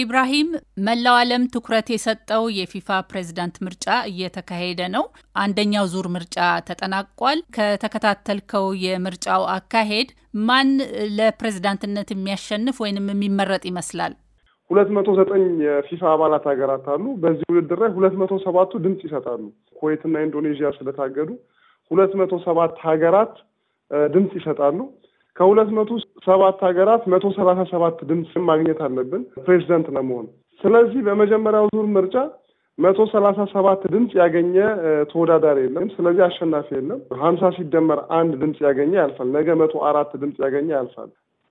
ኢብራሂም መላው ዓለም ትኩረት የሰጠው የፊፋ ፕሬዝዳንት ምርጫ እየተካሄደ ነው። አንደኛው ዙር ምርጫ ተጠናቋል። ከተከታተልከው የምርጫው አካሄድ ማን ለፕሬዝዳንትነት የሚያሸንፍ ወይንም የሚመረጥ ይመስላል? ሁለት መቶ ዘጠኝ የፊፋ አባላት ሀገራት አሉ። በዚህ ውድድር ላይ ሁለት መቶ ሰባቱ ድምፅ ይሰጣሉ። ኩዌትና ኢንዶኔዥያ ስለታገዱ ሁለት መቶ ሰባት ሀገራት ድምፅ ይሰጣሉ። ከሁለት መቶ ሰባት ሀገራት መቶ ሰላሳ ሰባት ድምፅ ማግኘት አለብን ፕሬዚደንት ለመሆን። ስለዚህ በመጀመሪያው ዙር ምርጫ መቶ ሰላሳ ሰባት ድምፅ ያገኘ ተወዳዳሪ የለም። ስለዚህ አሸናፊ የለም። ሀምሳ ሲደመር አንድ ድምፅ ያገኘ ያልፋል። ነገ መቶ አራት ድምፅ ያገኘ ያልፋል።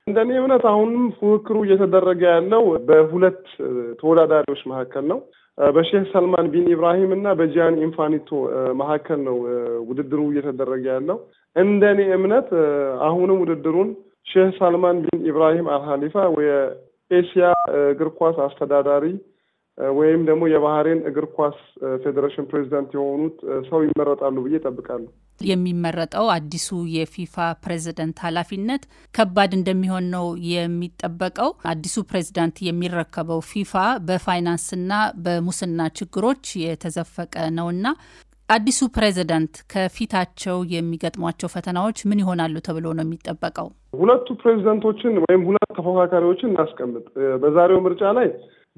እንደኔ እምነት አሁንም ፉክክሩ እየተደረገ ያለው በሁለት ተወዳዳሪዎች መካከል ነው። በሼህ ሰልማን ቢን ኢብራሂም እና በጂያን ኢንፋኒቶ መካከል ነው ውድድሩ እየተደረገ ያለው። እንደኔ እምነት አሁንም ውድድሩን ሼህ ሳልማን ቢን ኢብራሂም አልሀሊፋ የኤሲያ እግር ኳስ አስተዳዳሪ ወይም ደግሞ የባህሬን እግር ኳስ ፌዴሬሽን ፕሬዚዳንት የሆኑት ሰው ይመረጣሉ ብዬ እጠብቃለሁ። የሚመረጠው አዲሱ የፊፋ ፕሬዝደንት ኃላፊነት ከባድ እንደሚሆን ነው የሚጠበቀው። አዲሱ ፕሬዝዳንት የሚረከበው ፊፋ በፋይናንስና በሙስና ችግሮች የተዘፈቀ ነውና አዲሱ ፕሬዝደንት ከፊታቸው የሚገጥሟቸው ፈተናዎች ምን ይሆናሉ ተብሎ ነው የሚጠበቀው? ሁለቱ ፕሬዝደንቶችን ወይም ሁለት ተፎካካሪዎችን እናስቀምጥ። በዛሬው ምርጫ ላይ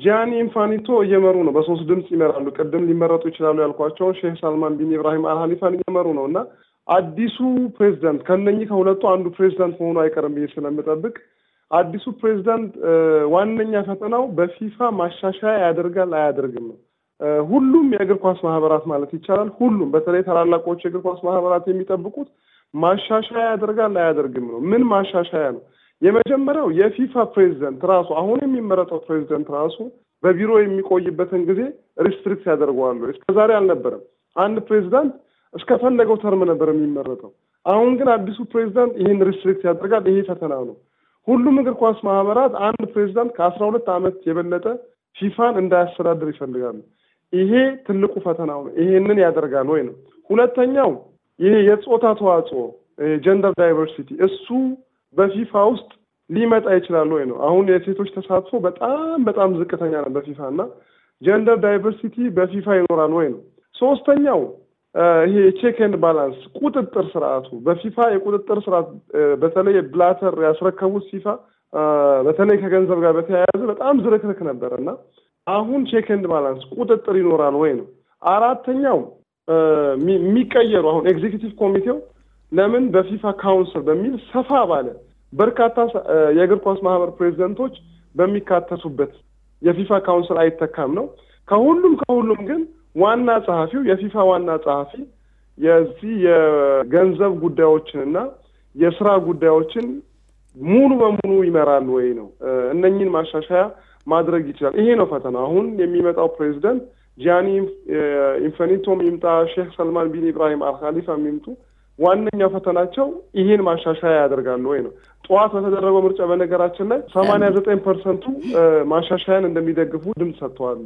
ጂያኒ ኢንፋኒቶ እየመሩ ነው። በሶስት ድምፅ ይመራሉ። ቅድም ሊመረጡ ይችላሉ ያልኳቸውን ሼህ ሳልማን ቢን ኢብራሂም አልሀሊፋን እየመሩ ነው እና አዲሱ ፕሬዝደንት ከነኚህ ከሁለቱ አንዱ ፕሬዝደንት መሆኑ አይቀርም ብዬ ስለምጠብቅ አዲሱ ፕሬዚደንት ዋነኛ ፈተናው በፊፋ ማሻሻያ ያደርጋል አያደርግም ነው። ሁሉም የእግር ኳስ ማህበራት ማለት ይቻላል ሁሉም በተለይ ታላላቆች የእግር ኳስ ማህበራት የሚጠብቁት ማሻሻያ ያደርጋል አያደርግም ነው። ምን ማሻሻያ ነው? የመጀመሪያው የፊፋ ፕሬዚደንት ራሱ አሁን የሚመረጠው ፕሬዚደንት ራሱ በቢሮ የሚቆይበትን ጊዜ ሪስትሪክት ያደርገዋሉ። እስከዛሬ አልነበረም። አንድ ፕሬዚዳንት እስከፈለገው ተርም ነበር የሚመረጠው። አሁን ግን አዲሱ ፕሬዚዳንት ይህን ሪስትሪክት ያደርጋል። ይሄ ፈተና ነው። ሁሉም እግር ኳስ ማህበራት አንድ ፕሬዚዳንት ከአስራ ሁለት ዓመት የበለጠ ፊፋን እንዳያስተዳድር ይፈልጋሉ። ይሄ ትልቁ ፈተናው ነው። ይሄንን ያደርጋል ወይ ነው። ሁለተኛው ይሄ የጾታ ተዋጽኦ ጀንደር ዳይቨርሲቲ እሱ በፊፋ ውስጥ ሊመጣ ይችላል ወይ ነው። አሁን የሴቶች ተሳትፎ በጣም በጣም ዝቅተኛ ነው በፊፋ እና ጀንደር ዳይቨርሲቲ በፊፋ ይኖራል ወይ ነው። ሶስተኛው ይሄ ቼክ ኤንድ ባላንስ ቁጥጥር ስርዓቱ በፊፋ የቁጥጥር ስርዓት በተለይ ብላተር ያስረከቡት ፊፋ በተለይ ከገንዘብ ጋር በተያያዘ በጣም ዝርክርክ ነበር እና አሁን ቼክንድ ባላንስ ቁጥጥር ይኖራል ወይ ነው። አራተኛው የሚቀየሩ አሁን ኤግዜኪቲቭ ኮሚቴው ለምን በፊፋ ካውንስል በሚል ሰፋ ባለ በርካታ የእግር ኳስ ማህበር ፕሬዚደንቶች በሚካተቱበት የፊፋ ካውንስል አይተካም ነው። ከሁሉም ከሁሉም ግን ዋና ጸሐፊው የፊፋ ዋና ጸሐፊ የዚህ የገንዘብ ጉዳዮችንና የስራ ጉዳዮችን ሙሉ በሙሉ ይመራል ወይ ነው። እነኝን ማሻሻያ ማድረግ ይችላል። ይሄ ነው ፈተና። አሁን የሚመጣው ፕሬዚደንት ጃኒ ኢንፈኒቶም ይምጣ፣ ሼክ ሰልማን ቢን ኢብራሂም አልካሊፋ የሚምጡ ዋነኛ ፈተናቸው ይሄን ማሻሻያ ያደርጋሉ ወይ ነው። ጠዋት በተደረገው ምርጫ በነገራችን ላይ ሰማንያ ዘጠኝ ፐርሰንቱ ማሻሻያን እንደሚደግፉ ድምፅ ሰጥተዋል።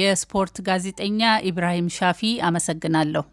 የስፖርት ጋዜጠኛ ኢብራሂም ሻፊ አመሰግናለሁ።